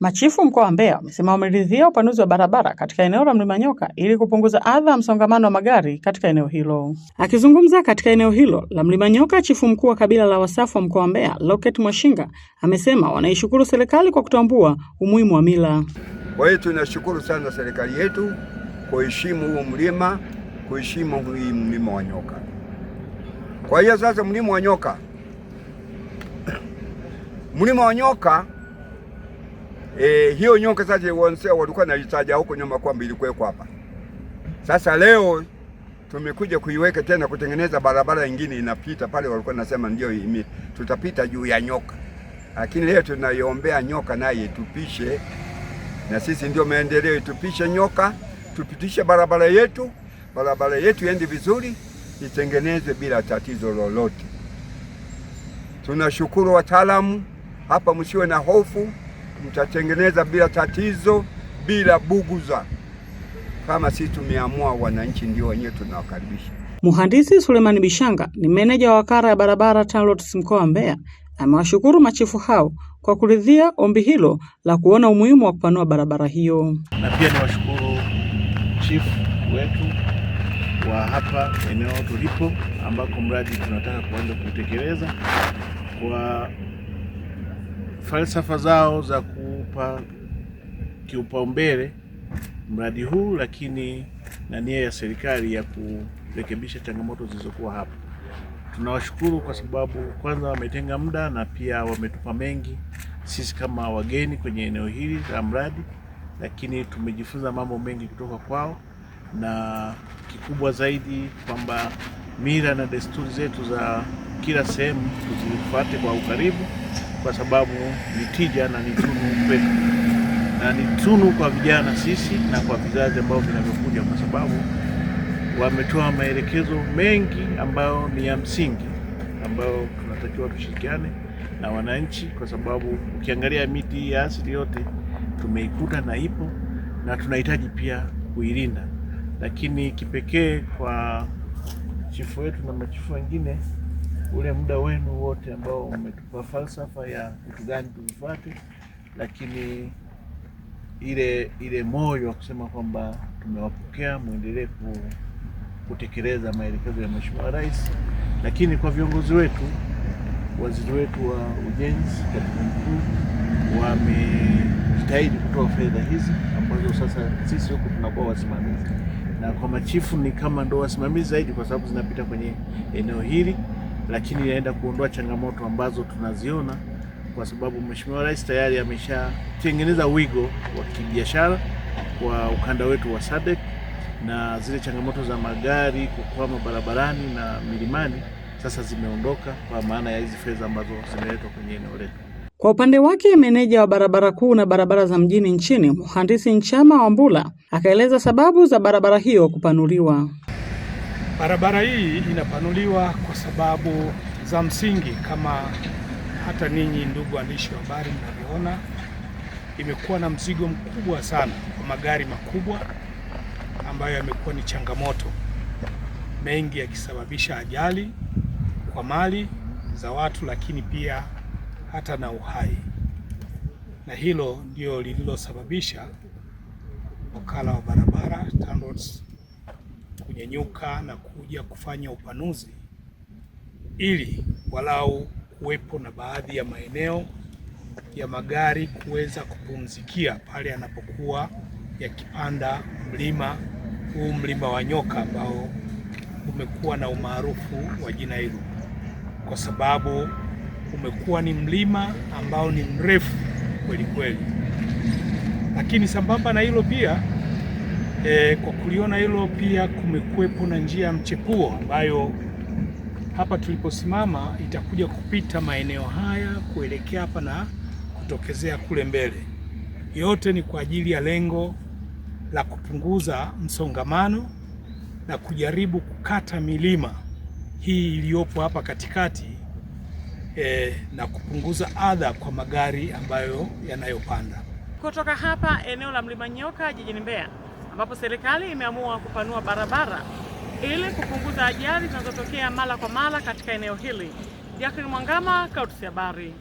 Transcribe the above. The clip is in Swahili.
Machifu mkoa wa Mbeya wamesema wameridhia upanuzi wa barabara katika eneo la Mlima Nyoka ili kupunguza adha ya msongamano wa magari katika eneo hilo. Akizungumza katika eneo hilo la Mlima Nyoka, chifu mkuu wa kabila la Wasafu wa mkoa wa Mbeya, Locket Mwashinga, amesema wanaishukuru serikali kwa kutambua umuhimu wa mila. Kwa hiyo tunashukuru sana serikali yetu kuheshimu huu mlima, kuheshimu hii mlima wa Nyoka. Kwa hiyo sasa mlima wa Nyoka, mlima wa Nyoka e, hiyo nyoka sasa wonsea walikuwa naitaja huko nyuma kwamba ilikuwekwa hapa. Sasa leo tumekuja kuiweka tena kutengeneza barabara nyingine inapita pale, walikuwa nasema ndio tutapita juu ya nyoka, lakini leo tunaiombea nyoka naye tupishe, na sisi ndio maendeleo, itupishe nyoka, tupitishe barabara yetu, barabara yetu iende vizuri, itengenezwe bila tatizo lolote. Tunashukuru wataalamu hapa, msiwe na hofu mtatengeneza bila tatizo, bila buguza, kama sisi tumeamua. Wananchi ndio wenyewe tunawakaribisha. Mhandisi Suleiman Bishanga ni meneja wa wakala ya barabara TANROADS mkoa wa Mbeya, amewashukuru machifu hao kwa kuridhia ombi hilo la kuona umuhimu wa kupanua barabara hiyo, na pia niwashukuru chifu wetu wa hapa eneo tulipo ambako mradi tunataka kuanza kutekeleza kwa falsafa zao za kuupa kiupaumbele mradi huu, lakini na nia ya serikali ya kurekebisha changamoto zilizokuwa hapa. Tunawashukuru kwa sababu kwanza wametenga muda na pia wametupa mengi sisi kama wageni kwenye eneo hili la mradi, lakini tumejifunza mambo mengi kutoka kwao, na kikubwa zaidi kwamba mila na desturi zetu za kila sehemu tuzifuate kwa ukaribu kwa sababu ni tija na ni tunu kwetu na ni tunu kwa vijana sisi na kwa vizazi ambao vinavyokuja, kwa sababu wametoa maelekezo mengi ambayo ni ya msingi ambayo tunatakiwa tushirikiane na wananchi, kwa sababu ukiangalia miti ya asili yote tumeikuta na ipo na tunahitaji pia kuilinda, lakini kipekee kwa chifu wetu na machifu wengine ule muda wenu wote ambao umetupa falsafa ya kitu gani tuifuate, lakini ile ile moyo wa kusema kwamba tumewapokea, mwendelee kutekeleza maelekezo ya Mheshimiwa Rais, lakini kwa viongozi wetu, waziri wetu wa ujenzi, katibu mkuu, wamejitahidi kutoa fedha hizi ambazo sasa sisi huku tunakuwa wasimamizi, na kwa machifu ni kama ndo wasimamizi zaidi, kwa sababu zinapita kwenye eneo hili lakini inaenda kuondoa changamoto ambazo tunaziona, kwa sababu Mheshimiwa Rais tayari ameshatengeneza wigo wa kibiashara kwa ukanda wetu wa SADC na zile changamoto za magari kukwama barabarani na milimani sasa zimeondoka kwa maana ya hizi fedha ambazo zimeletwa kwenye eneo letu. Kwa upande wake, meneja wa barabara kuu na barabara za mjini nchini, mhandisi Nchama mbula akaeleza sababu za barabara hiyo kupanuliwa. Barabara hii inapanuliwa kwa sababu za msingi kama hata ninyi ndugu waandishi wa habari mnavyoona, imekuwa na mzigo mkubwa sana kwa magari makubwa ambayo yamekuwa ni changamoto, mengi yakisababisha ajali kwa mali za watu, lakini pia hata na uhai, na hilo ndio lililosababisha wakala wa barabara TANROADS kunyenyuka na kuja kufanya upanuzi ili walau kuwepo na baadhi ya maeneo ya magari kuweza kupumzikia pale yanapokuwa yakipanda mlima huu, mlima wa Nyoka ambao umekuwa na umaarufu wa jina hilo, kwa sababu umekuwa ni mlima ambao ni mrefu kweli kweli. Lakini sambamba na hilo pia E, kwa kuliona hilo pia kumekuwepo na njia ya mchepuo ambayo hapa tuliposimama itakuja kupita maeneo haya kuelekea hapa na kutokezea kule mbele. Yote ni kwa ajili ya lengo la kupunguza msongamano na kujaribu kukata milima hii iliyopo hapa katikati e, na kupunguza adha kwa magari ambayo yanayopanda kutoka hapa eneo la Mlima Nyoka jijini Mbeya ambapo serikali imeamua kupanua barabara ili kupunguza ajali zinazotokea mara kwa mara katika eneo hili. Jacqueline Mwangama, Clouds Habari.